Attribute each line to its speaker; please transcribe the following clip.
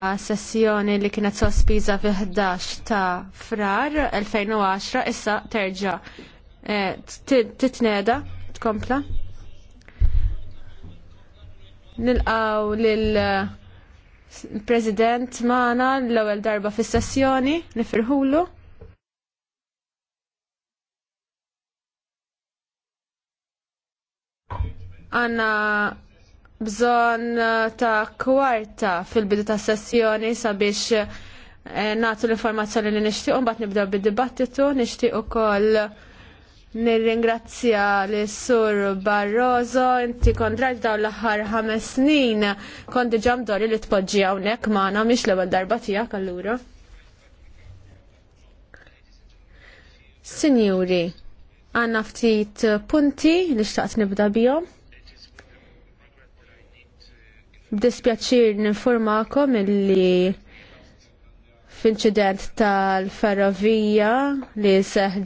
Speaker 1: sessjoni li kienet sospiża fi 11 ta' frar 2010 issa terġa eh, titneda tkompla. Nilqaw lil eh, President Mana l-ewwel darba fis-sessjoni nifirħulu. Għanna bżonn eh, ta' kwarta fil-bidu ta' sessjoni sabiex eh, nagħtu l-informazzjoni li nixtiequ mbagħad nibdaw bid-dibattitu, nixtieq ukoll nirringrazzja lis sur Barroso, inti kondrajt daw l-aħħar ħames snin kondi diġà mdorri li tpoġġi hawnhekk maħna, miex l-ewwel darba tiegħek allura. Sinjuri, għandna ftit punti li xtaqt nibda bihom. Dispjaċir n-informakom illi f'inċident tal-ferrovija li seħ